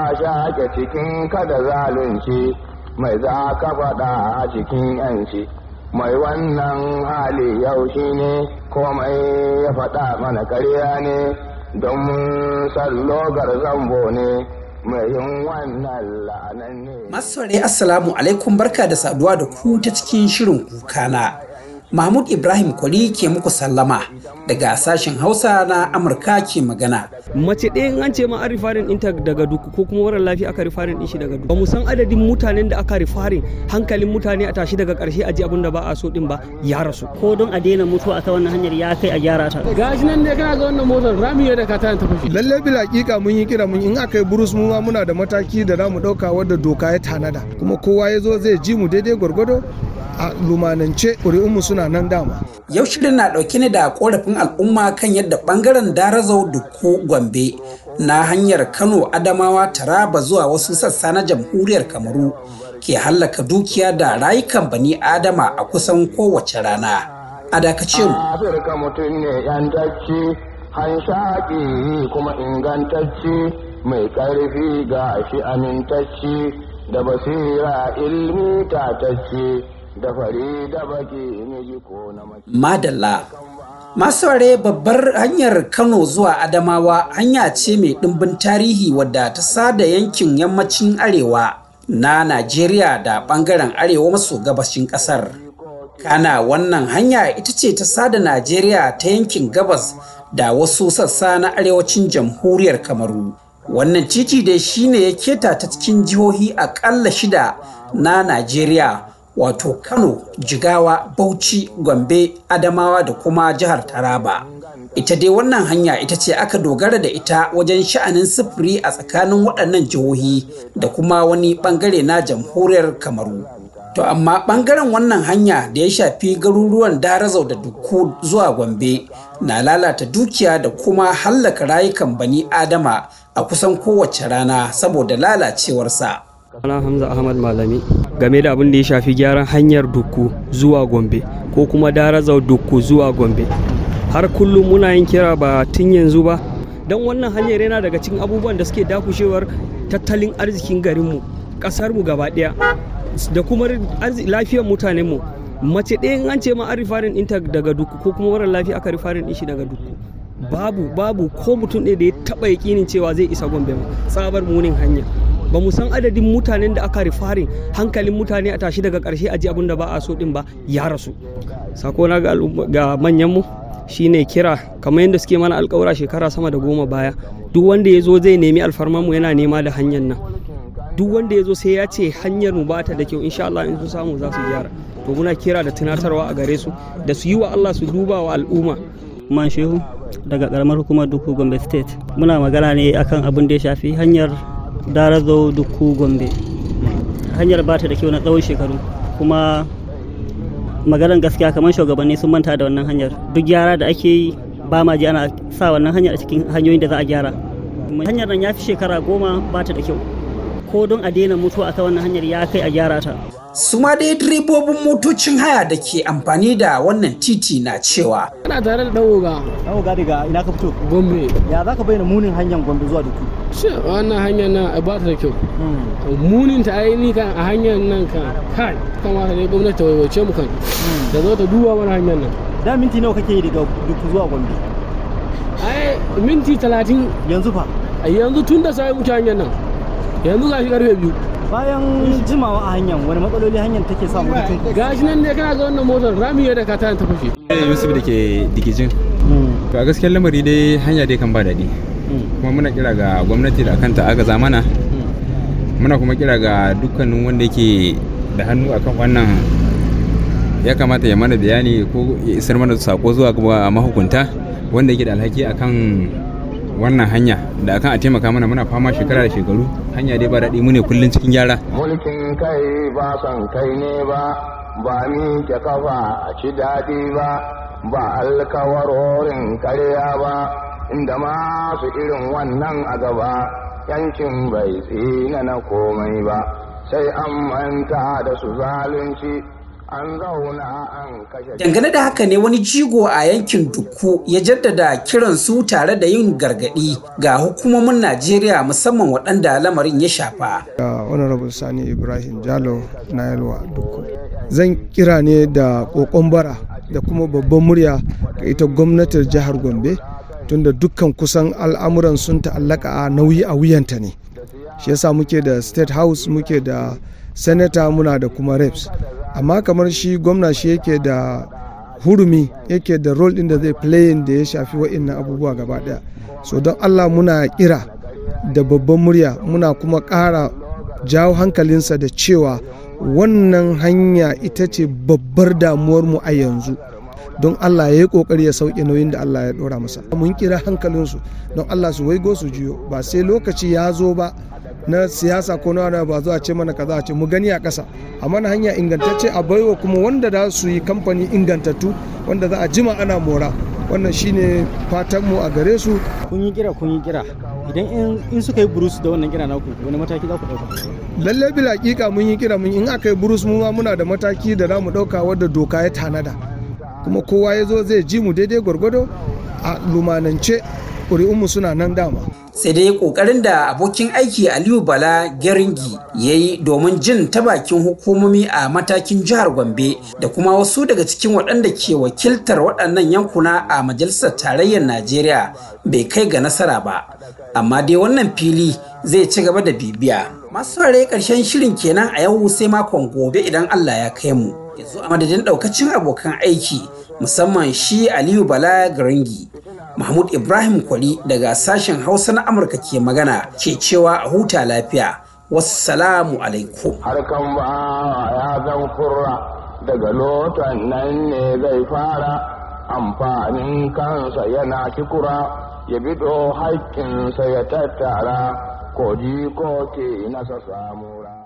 ka shaƙe cikin kada zalunci mai za ka faɗa a cikin yanci mai wannan hali yau shi ne mai ya faɗa mana karya ne don sallo zambo ne mai yin wannan la'anan ne. Masu assalamu alaikum barka da saduwa da ku ta cikin shirin kukana. Mahmud Ibrahim Kwali ke muku sallama daga sashen Hausa na Amurka ke magana. Mace ɗaya in an ce ma an rifarin inta daga duk ko kuma wurin lafiya aka rifarin ɗin shi daga duk. Ba mu san adadin mutanen da aka rifarin hankalin mutane a tashi daga ƙarshe a ji abin da ba a so ɗin ba ya rasu. Ko don a daina mutuwa ta wannan hanyar ya kai a gyara ta. Gashi nan ne kana ga wannan motar rami ya da ka ta tafafi. Lalle bi laƙiƙa mun yi kira mun in aka yi burus mu ma muna da mataki da za mu ɗauka wadda doka ya tanada. Kuma kowa ya zo zai ji mu daidai gwargwado a lumanance ƙuri'unmu suna nan dama. Yau shirin na ɗauke ne da ƙorafin al'umma kan yadda ɓangaren Darazau Dukku Gombe na hanyar Kano Adamawa Taraba zuwa wasu sassa na jamhuriyar Kamaru ke hallaka dukiya da rayukan bani Adama a kusan kowace rana. A dakace mu. yantacce, hanshaƙi kuma ingantacce, mai ƙarfi ga shi amintacce, da basira ilmi tatacce. Madalla, masu ware babbar hanyar Kano zuwa Adamawa hanya ce mai ɗimbin tarihi wadda ta sada yankin yammacin Arewa na Najeriya da ɓangaren Arewa maso gabashin ƙasar. Kana wannan hanya ita ce ta sada Najeriya ta yankin gabas da wasu sassa na arewacin jamhuriyar Kamaru. Wannan titi dai shine ya keta ta cikin jihohi aƙalla shida na Najeriya. wato Kano, Jigawa, Bauchi, Gombe, Adamawa da kuma jihar Taraba. Ita dai wannan hanya ita ce aka dogara da ita wajen sha'anin sufuri a tsakanin waɗannan jihohi da kuma wani ɓangare na jamhuriyar Kamaru. To amma ɓangaren wannan hanya da ya shafi garuruwan Darazau da duku zuwa Gombe na lalata dukiya da kuma hallaka rayukan bani Adama a kusan kowace rana saboda lalacewarsa. Ana Hamza Ahmad Malami game da abin da ya shafi gyaran hanyar Dukku zuwa Gombe ko kuma darazar Dukku zuwa Gombe. Har kullum muna yin kira ba tun yanzu ba don wannan hanyar yana daga cikin abubuwan da suke dakushewar tattalin arzikin garinmu ƙasarmu gaba ɗaya da kuma lafiyar mutanenmu mace ɗaya an ce ma an rifarin ɗinta daga Dukku ko kuma mara lafiya aka rifarin ɗin shi daga Dukku babu babu ko mutum ɗaya da ya taɓa yaƙinin cewa zai isa Gombe ma tsabar munin hanya ba mu san adadin mutanen da aka rifarin hankalin mutane a tashi daga karshe a ji abin da ba a so din ba ya rasu sako na ga manyan mu shine kira kamar yadda suke mana alkawura shekara sama da goma baya duk wanda ya zo zai nemi alfarmar mu yana nema da hanyar nan duk wanda ya zo sai ya ce hanyar mu bata da kyau insha Allah in su samu za su gyara to muna kira da tunatarwa a gare su da su yi wa Allah su duba wa al'umma man shehu daga karamar hukumar duku gombe state muna magana ne akan abin da ya shafi hanyar zo duku gombe hanyar ba ta da kyau na tsawon shekaru kuma maganar gaskiya kamar shugabanni sun manta da wannan hanyar duk gyara da ake yi ba ma ji ana sa wannan hanyar a cikin hanyoyin da za a gyara hanyar nan ya fi shekara goma ba ta da kyau ko don a daina mutuwa akan wannan hanyar ya kai a gyara ta su ma dai direbobin motocin haya da ke amfani da wannan titi na cewa kana tare da dawoga dawoga daga ina ka fito gombe ya za ka bayyana munin hanyar gombe zuwa duku shi wannan hanyar nan ba ta da kyau hmm. munin ta aini kan a hanyar nan kan kai kamata ne gwamnati ta waiwace mu kan da hmm. zo ta duba wani hanyar nan da minti nawa kake yi daga duku zuwa gombe ai minti talatin yanzu fa yanzu tun da sai muke hanyar nan yanzu za shi karfe biyu bayan jimawa a hanyar wani matsaloli hanyar take sa mu mutum gashi nan ne kana ga wannan motar rami ya da ka ta fashe eh Yusuf dake dikijin hmm. ga gaskiyar lamari dai hanya dai kan ba daɗi hmm. kuma muna kira ga gwamnati da kanta agaza mana hmm. muna kuma kira ga dukkanin wanda yake da hannu akan wannan ya kamata ya mana bayani ko ya isar mana sako zuwa ga mahukunta wanda yake da alhaki akan wannan hanya da akan a taimaka mana muna fama shekara da shekaru hanya dai ba daɗi mu ne kullum cikin gyara mulkin kai ba san kai ne ba ba ni ke kafa a ci daɗi ba ba alkawarorin karya ba inda masu irin wannan a gaba yankin bai tsina na komai ba sai an manta da su zalunci Dangane da haka ne wani jigo a yankin Dukku ya jaddada kiran su tare da yin gargadi ga hukumomin Najeriya musamman waɗanda lamarin ya shafa. Honorable Sani Ibrahim Jalo na Yalwa Dukku. Zan kira ne da ƙoƙon bara da kuma babban murya ga ita gwamnatin jihar Gombe tunda dukkan kusan al'amuran sun ta'allaka a nauyi a wuyanta ne. Shi yasa muke da State House muke da Senator muna da kuma Reps. amma kamar shi gwamna shi yake da hurumi yake da role din da zai playin da ya shafi na abubuwa gaba daya so don allah muna kira da babban murya muna kuma ƙara jawo hankalinsa da cewa wannan hanya ita ce babbar damuwarmu a yanzu don Allah ya yi kokari ya sauke nauyin da Allah ya dora masa mun kira hankalinsu don Allah su waigo su juyo ba sai lokaci ya zo ba na siyasa ko na ba zuwa ce mana kaza a ce mu gani a ƙasa a mana hanya ingantacce a baiwa kuma wanda za su yi kamfani ingantattu wanda za a jima ana mora wannan shine fatanmu a gare su kun yi kira kun yi kira idan in suka yi burus da wannan kira naku wani mataki za ku dauka lalle bil hakika mun yi kira mun in aka yi burus mu ma muna da mataki da za mu dauka wadda doka ya tanada kuma kowa ya zo zai ji mu daidai gwargwado a lumanance ƙuri'unmu suna nan dama. sai dai ƙoƙarin da abokin aiki aliyu bala geringi ya yi domin jin ta bakin hukumomi a matakin jihar gombe da kuma wasu daga cikin waɗanda ke wakiltar waɗannan yankuna a majalisar tarayyar najeriya bai kai ga nasara ba amma dai wannan fili zai ci gaba da bibiya masu rare ƙarshen shirin kenan a yau sai makon gobe idan allah ya kai mu yanzu a madadin ɗaukacin abokan aiki musamman shi aliyu bala geringi Mahmud Ibrahim kwali daga sashen Hausa na Amurka ke magana ke cewa a huta lafiya. Wassalamu alaikum. Harkan ba ya zan kurra daga lotan nan ne zai fara amfanin kansa yana kikura ya bido haƙƙinsa ya tattara ko ji ko ke nasa samura.